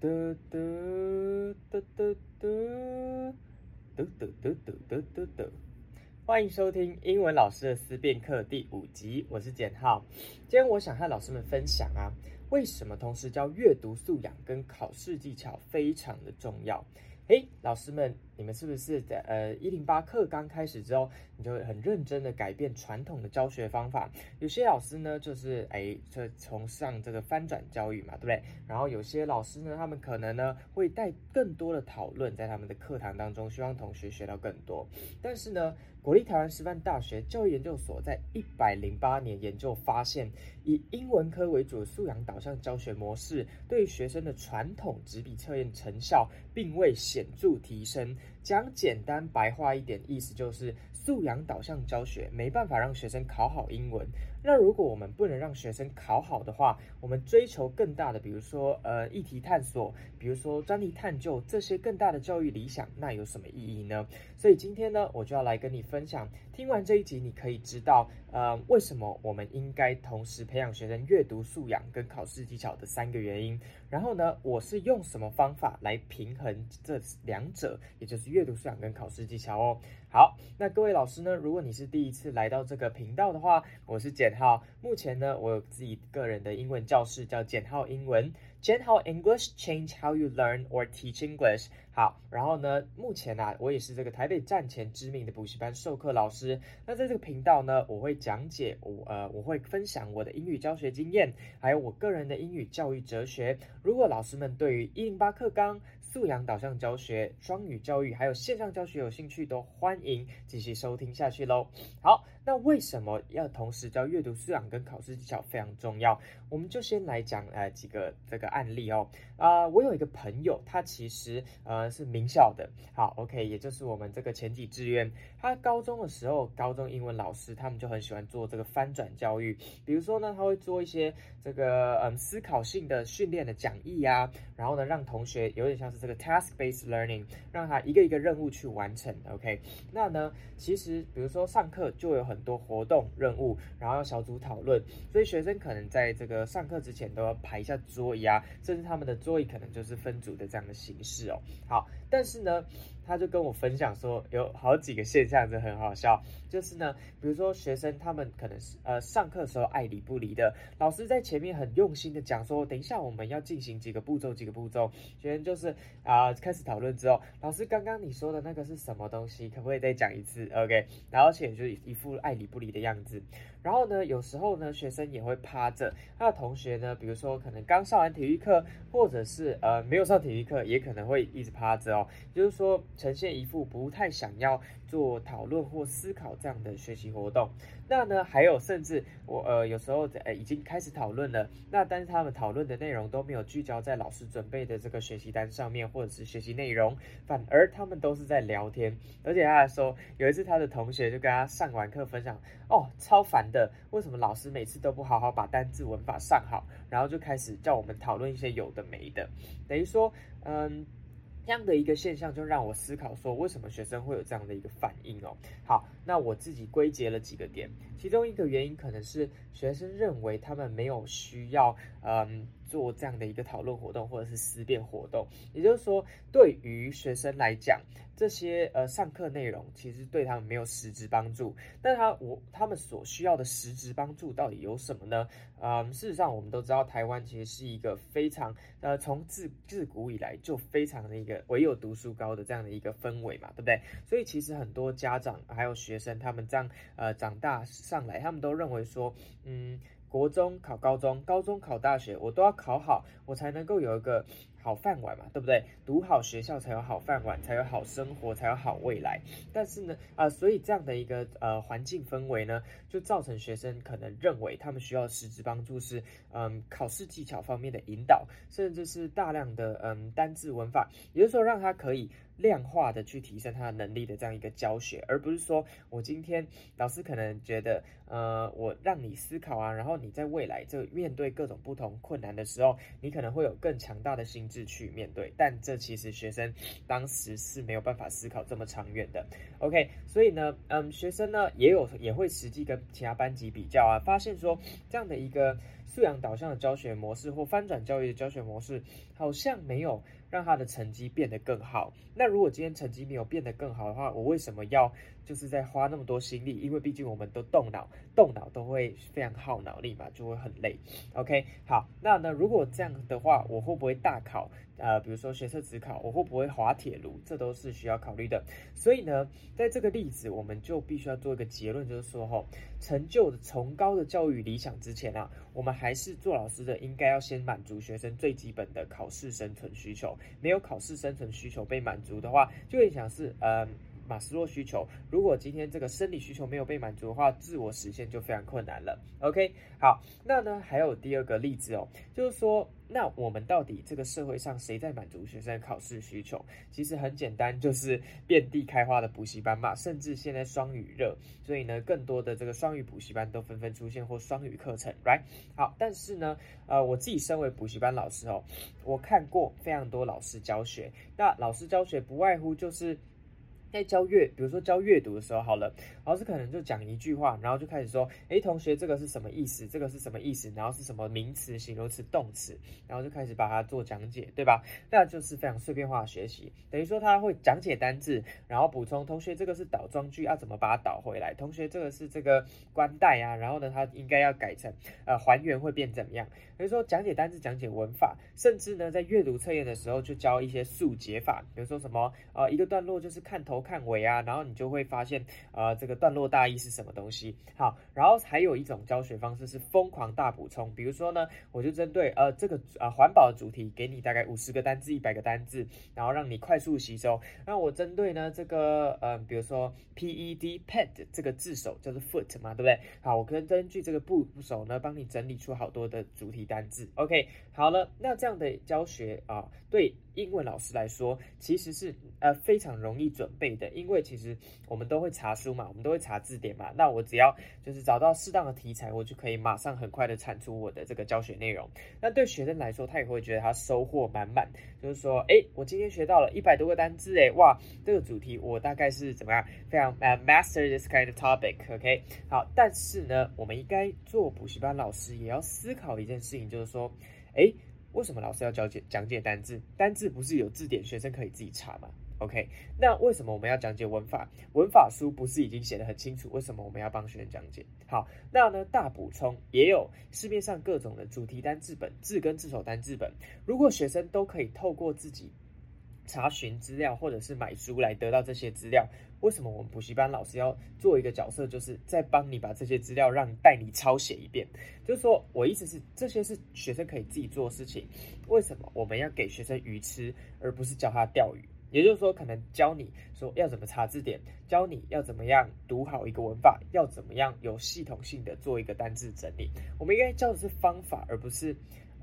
得得得得得得，得得得得得得得得得得得得得！歡迎收聽英文老師的思辨課第五集，我是簡浩。今天我想和老師們分享啊，為什麼同時教閱讀素養跟考試技巧非常的重要？哎，老師們。你們是不是在呃一零八課剛開始之後，你就很認真的改變傳統的教學方法？有些老師呢，就是哎，就崇尚這個翻轉教育嘛，對不對？然後有些老師呢，他們可能呢會帶更多的討論在他們的課堂當中，希望同學學到更多。但是呢，國立台灣師範大學教育研究所在一百零八年研究發現，以英文科為主的素養導向教學模式，對於學生的傳統紙筆測驗成效，並未顯著提升。講簡單白話一點，意思就是。素養導向教學沒辦法讓學生考好英文，那如果我們不能讓學生考好的話，我們追求更大的，比如說呃議題探索，比如說專題探究這些更大的教育理想，那有什麼意義呢？所以今天呢，我就要來跟你分享，聽完這一集你可以知道，呃為什麼我們應該同時培養學生閱讀素養跟考試技巧的三個原因。然後呢，我是用什麼方法來平衡這兩者，也就是閱讀素養跟考試技巧哦。好，那各位。老師呢，如果你是第一次來到這個頻道的話，我是簡浩。目前呢，我有自己個人的英文教室，叫簡浩英文。Chien-Hao English change how you learn or teach English。好，然後呢，目前啊，我也是這個台北站前知名的補習班授課老師。那在這個頻道呢，我會講解我呃，我會分享我的英語教學經驗，還有我個人的英語教育哲學。如果老師們對於108課綱素養導向教學、雙語教育，還有線上教學，有興趣都歡迎繼續收聽下去嘍。好。那為什麼要同時教閱讀素養跟考試技巧非常重要？我們就先來講呃幾個這個案例哦。啊、呃，我有一個朋友，他其實呃是名校的，好，OK，也就是我們這個前幾志願。他高中的時候，高中英文老師他們就很喜歡做這個翻轉教育，比如說呢，他會做一些這個嗯、呃、思考性的訓練的講義呀、啊，然後呢，讓同學有點像是這個 task-based learning，讓他一個一個任務去完成。OK，那呢，其實比如說上課就有很多很多活動任務，然後要小組討論，所以學生可能在這個上課之前都要排一下桌椅啊，甚至他們的桌椅可能就是分組的這樣的形式哦。好，但是呢。他就跟我分享說，有好幾個現象都很好笑，就是呢，比如說學生他們可能是呃上課的時候愛理不理的，老師在前面很用心的講說，等一下我們要進行幾個步驟幾個步驟，學生就是啊、呃、開始討論之後，老師剛剛你說的那個是什麼東西，可不可以再講一次？OK，然後且就一,一副愛理不理的樣子。然後呢，有時候呢，學生也會趴着。那同學呢，比如說可能剛上完體育課，或者是，呃，沒有上體育課，也可能會一直趴着哦，就是說呈現一副不太想要。做討論或思考這樣的學習活動，那呢，還有甚至我呃，有時候呃、欸、已經開始討論了，那但是他們討論的內容都沒有聚焦在老師準備的這個學習單上面或者是學習內容，反而他們都是在聊天。而且他還說有一次他的同學就跟他上完課分享，哦，超煩的，為什麼老師每次都不好好把單字文法上好，然後就開始叫我們討論一些有的沒的，等於說，嗯。這樣的一個現象就讓我思考說，為什麼學生會有這樣的一個反應哦？好，那我自己歸結了幾個點，其中一個原因可能是學生認為他們沒有需要，嗯。做這樣的一個討論活動，或者是思辨活動，也就是說，對於學生來講，這些呃上課內容其實對他們沒有實質幫助。但他我他們所需要的實質幫助到底有什麼呢？嗯、呃，事實上我們都知道，台灣其實是一個非常呃從自自古以來就非常的一個唯有讀書高的這樣的一個氛圍嘛，對不對？所以其實很多家長還有學生，他們這樣呃長大上來，他們都認為說，嗯。國中考高中，高中考大學，我都要考好，我才能夠有一個。好飯碗嘛，對不對？讀好學校才有好飯碗，才有好生活，才有好未來。但是呢，啊、呃，所以這樣的一個呃環境氛圍呢，就造成學生可能認為他們需要的實質幫助是，嗯，考試技巧方面的引導，甚至是大量的嗯單字文法，也就是說讓他可以量化的去提升他的能力的這樣一個教學，而不是說我今天老師可能覺得，呃，我讓你思考啊，然後你在未來這面對各種不同困難的時候，你可能會有更強大的心智。是去面對，但這其實學生當時是沒有辦法思考這麼長遠的。OK，所以呢，嗯，學生呢，也有也會實際跟其他班級比較啊，發現說這樣的一個素養導向的教學模式或翻轉教育的教學模式好像沒有。讓他的成績變得更好。那如果今天成績沒有變得更好的話，我為什麼要就是再花那麼多心力？因為畢竟我們都動腦，動腦都會非常耗腦力嘛，就會很累。OK，好，那呢，如果這樣的話，我會不會大考？呃，比如說學測指考，我會不會滑鐵盧，這都是需要考慮的。所以呢，在這個例子，我們就必須要做一個結論，就是說齁，成就的崇高的教育理想之前啊，我們還是做老師的，應該要先滿足學生最基本的考試生存需求。沒有考試生存需求被滿足的話，就會想是，嗯、呃。馬斯洛需求，如果今天這個生理需求沒有被滿足的話，自我實現就非常困難了。OK，好，那呢還有第二個例子哦，就是說，那我們到底這個社會上誰在滿足學生的考試需求？其實很簡單，就是遍地開花的補習班嘛，甚至現在雙語熱，所以呢，更多的這個雙語補習班都紛紛出現或雙語課程，Right？好，但是呢，呃，我自己身為補習班老師哦，我看過非常多老師教學，那老師教學不外乎就是。在教閱，比如說教閱讀的時候，好了，老師可能就講一句話，然後就開始說，誒，同學，這個是什麼意思？這個是什麼意思？然後是什麼名詞、形容詞、動詞，然後就開始把它做講解，對吧？那就是非常碎片化的學習，等於說他會講解單字，然後補充同學這個是倒裝句，要、啊、怎麼把它倒回來？同學這個是這個關代啊，然後呢，他應該要改成呃還原會變怎麼樣？等於說講解單字、講解文法，甚至呢在閱讀測驗的時候就教一些速解法，比如說什麼呃一個段落就是看頭。頭看尾啊，然後你就會發現，呃，這個段落大意是什麼東西。好，然後還有一種教學方式是瘋狂大補充，比如說呢，我就針對呃這個啊、呃，環保主題，給你大概五十個單字，一百個單字，然後讓你快速吸收。那我針對呢這個，嗯、呃，比如說 P E D Pet 這個字首叫做 Foot 嘛，對不對？好，我可以根據這個部部首呢，幫你整理出好多的主題單字。OK，好了，那這樣的教學啊、呃，對。英文老師來說，其實是呃非常容易準備的，因為其實我們都會查書嘛，我們都會查字典嘛。那我只要就是找到適當的題材，我就可以馬上很快地產出我的這個教學內容。那對學生來說，他也會覺得他收穫滿滿，就是說，哎，我今天學到了一百多個單字，哎，哇，這個主題我大概是怎麼樣，非常呃 master this kind of topic，OK？好，但是呢，我們應該做補習班老師也要思考一件事情，就是說，哎。為什麼老師要講解講解單字？單字不是有字典，學生可以自己查嗎？OK，那為什麼我們要講解文法？文法書不是已經寫得很清楚？為什麼我們要幫學生講解？好，那呢大補充也有市面上各種的主題單字本、字根字首單字本。如果學生都可以透過自己查詢資料，或者是買書來得到這些資料。為什麼我們補習班老師要做一個角色，就是再幫你把這些資料讓帶你抄寫一遍？就是說我意思是，這些是學生可以自己做的事情。為什麼我們要給學生魚吃，而不是教他釣魚？也就是說，可能教你說要怎麼查字典，教你要怎麼樣讀好一個文法，要怎麼樣有系統性的做一個單字整理。我們應該教的是方法，而不是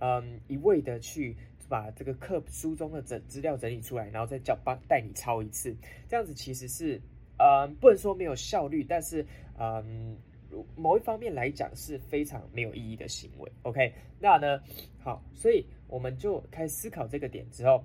嗯一味的去把這個課書中的整資料整理出來，然後再教幫帶你抄一次。這樣子其實是。呃、嗯，不能說沒有效率，但是，嗯，某一方面來講是非常沒有意義的行為。OK，那呢，好，所以我們就開始思考這個點之後，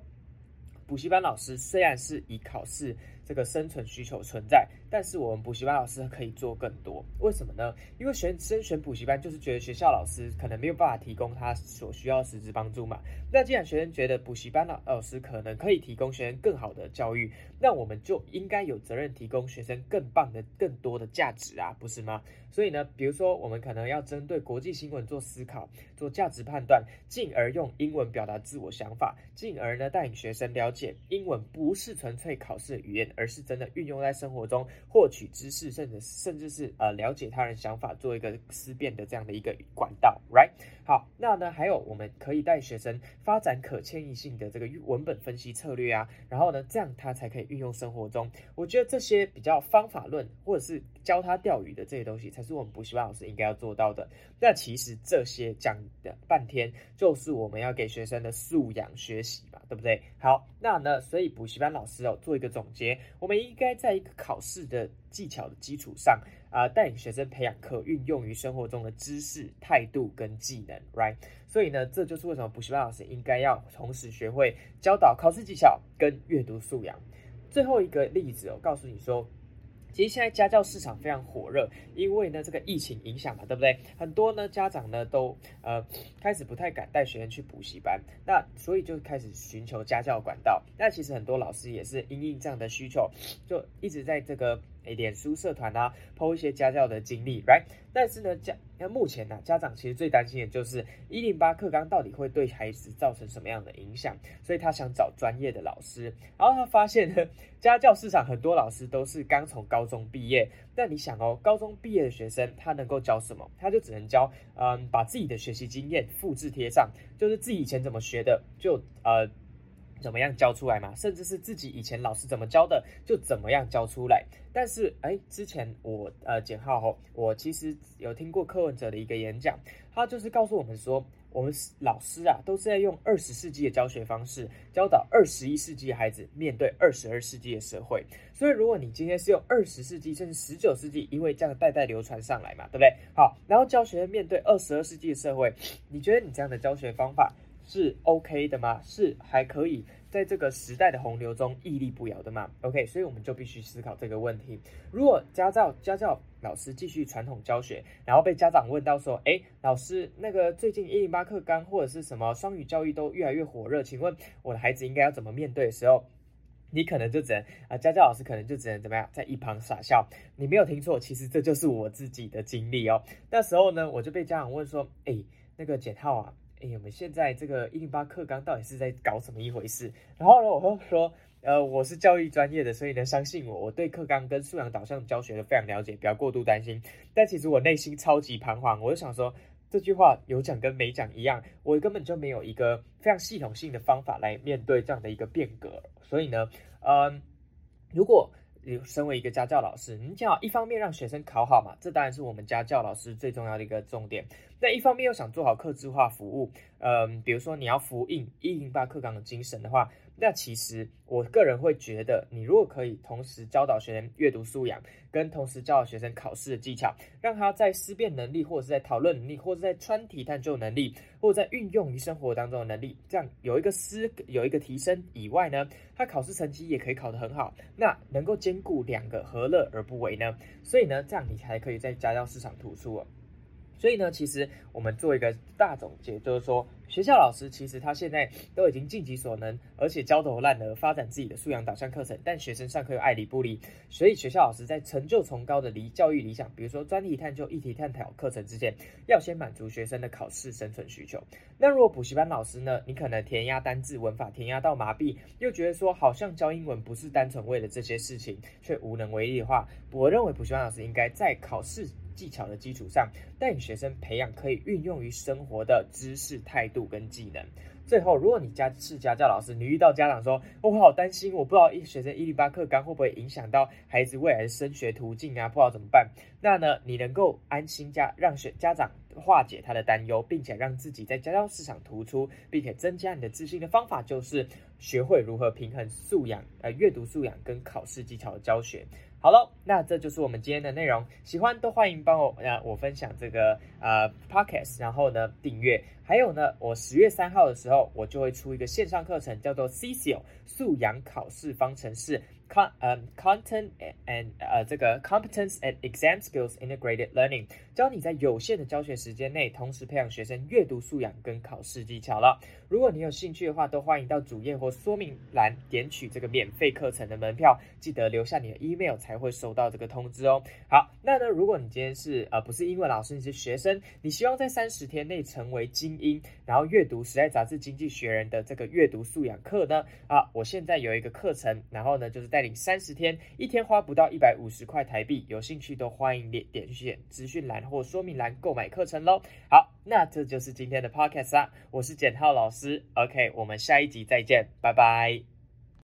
補習班老師雖然是以考試。這個生存需求存在，但是我們補習班老師可以做更多，為什麼呢？因為學生選補習班就是覺得學校老師可能沒有辦法提供他所需要的實質幫助嘛。那既然學生覺得補習班老老師可能可以提供學生更好的教育，那我們就應該有責任提供學生更棒的、更多的價值啊，不是嗎？所以呢，比如說我們可能要針對國際新聞做思考、做價值判斷，進而用英文表達自我想法，進而呢帶領學生了解英文不是純粹考試的語言。而是真的運用在生活中獲取知識，甚至甚至是呃，了解他人想法，做一個思辨的這樣的一個管道，right？好，那呢還有我們可以帶學生發展可遷移性的這個文本分析策略啊，然後呢這樣他才可以運用生活中。我覺得這些比較方法論或者是。教他釣魚的這些東西，才是我們補習班老師應該要做到的。那其實這些講的半天，就是我們要給學生的素養學習嘛，對不對？好，那呢，所以補習班老師哦，做一個總結，我們應該在一個考試的技巧的基礎上啊、呃，帶領學生培養可運用於生活中的知識、態度跟技能，right？所以呢，這就是為什麼補習班老師應該要同時學會教導考試技巧跟閱讀素養。最後一個例子哦，告訴你說。其實現在家教市場非常火熱，因為呢這個疫情影響嘛，對不對？很多呢家長呢都呃開始不太敢帶學生去補習班，那所以就開始尋求家教管道。那其實很多老師也是因應這樣的需求，就一直在這個。臉書社團啊，PO 一些家教的經歷，right？但是呢，家那目前呢、啊，家長其實最擔心的就是一零八課綱到底會對孩子造成什麼樣的影響，所以他想找專業的老師。然後他發現呢，家教市場很多老師都是剛從高中畢業，但你想哦，高中畢業的學生他能夠教什麼？他就只能教，嗯、呃，把自己的學習經驗複制貼上，就是自己以前怎麼學的，就呃。怎麼樣教出來嘛？甚至是自己以前老師怎麼教的，就怎麼樣教出來。但是，哎，之前我呃，簡浩後、哦、我其實有聽過柯文哲的一個演講，他就是告訴我們說，我們老師啊，都是在用二十世紀的教學方式教導二十一世紀的孩子面對二十二世紀的社會。所以，如果你今天是用二十世紀，甚至十九世紀，因為這樣的代代流傳上來嘛，對不對？好，然後教學面對二十二世紀的社會，你覺得你這樣的教學方法是 OK 的嗎？是還可以在這個時代的洪流中屹立不搖的嗎？OK，所以我們就必須思考這個問題。如果家教家教老師繼續傳統教學，然後被家長問到說：“欸，老師，那個最近一零八課綱或者是什麼雙語教育都越來越火熱，請問我的孩子應該要怎麼面對的時候，你可能就只能啊，家教老師可能就只能怎麼樣，在一旁傻笑。你沒有聽錯，其實這就是我自己的經歷喔。那時候呢，我就被家長問說：“欸，那個簡浩啊。”哎、欸，我們現在這個一零八課綱到底是在搞什麼一回事？然後呢，我會說，呃，我是教育專業的，所以呢，相信我，我對課綱跟素養導向的教學都非常了解，不要過度擔心。但其實我內心超級彷徨，我就想說，這句話有講跟沒講一樣，我根本就沒有一個非常系統性的方法來面對這樣的一個變革。所以呢，嗯，如果。你身為一個家教老師，你想要一方面讓學生考好嘛，這當然是我們家教老師最重要的一個重點。那一方面又想做好客製化服務，嗯，比如說你要服印一零八課綱的精神的話。那其實，我個人會覺得，你如果可以同時教導學生閱讀素養，跟同時教導學生考試的技巧，讓他在思辨能力或者是在討論能力，或者是在穿題探究能力，或者在運用於生活當中的能力，這樣有一個思有一個提升以外呢，他考試成績也可以考得很好。那能夠兼顧兩個，何樂而不為呢？所以呢，這樣你才可以再加到市場圖書哦。所以呢，其實我們做一個大總結，就是說學校老師其實他現在都已經盡己所能，而且焦頭爛額發展自己的素養導向課程，但學生上課又愛理不理。所以學校老師在成就崇高的理教育理想，比如說專題探究、議題探討課程之間，要先滿足學生的考試生存需求。那如果補習班老師呢，你可能填鴨單字、文法填鴨到麻痹，又覺得說好像教英文不是單純為了這些事情，卻無能為力的話，我認為補習班老師應該在考試。技巧的基礎上，帶領學生培養可以運用於生活的知識、態度跟技能。最後，如果你家是家教老師，你遇到家長說：“我好擔心，我不知道學生一零八課綱會不會影響到孩子未來的升學途徑啊？不知道怎麼辦。”那呢，你能夠安心加讓學家長化解他的擔憂，並且讓自己在家教市場突出，並且增加你的自信的方法，就是學會如何平衡素養，呃，閱讀素養跟考試技巧的教學。好嘍那這就是我們今天的內容。喜歡都歡迎幫我讓、呃、我分享這個呃 podcast，然後呢訂閱。還有呢，我十月三號的時候，我就會出一個線上課程，叫做 CESIL 素養考試方程式 c Con、um, content and、uh, 這個 competence and exam skills integrated learning，教你在有限的教學時間內，同時培養學生閱讀素養跟考試技巧了。如果你有興趣的話，都歡迎到主頁或說明欄點取這個免費課程的門票，記得留下你的 email 才會收到這個通知哦。好，那呢，如果你今天是呃不是英文老師，你是學生，你希望在三十天內成為精英，然後閱讀《時代雜誌》《經濟學人》的這個閱讀素養課呢？啊，我現在有一個課程，然後呢就是帶領三十天，一天花不到一百五十塊台幣，有興趣都歡迎點點選資訊欄或說明欄購買課程嘍。好，那這就是今天的 podcast 啊，我是簡浩老師。OK，我們下一集再見，拜拜。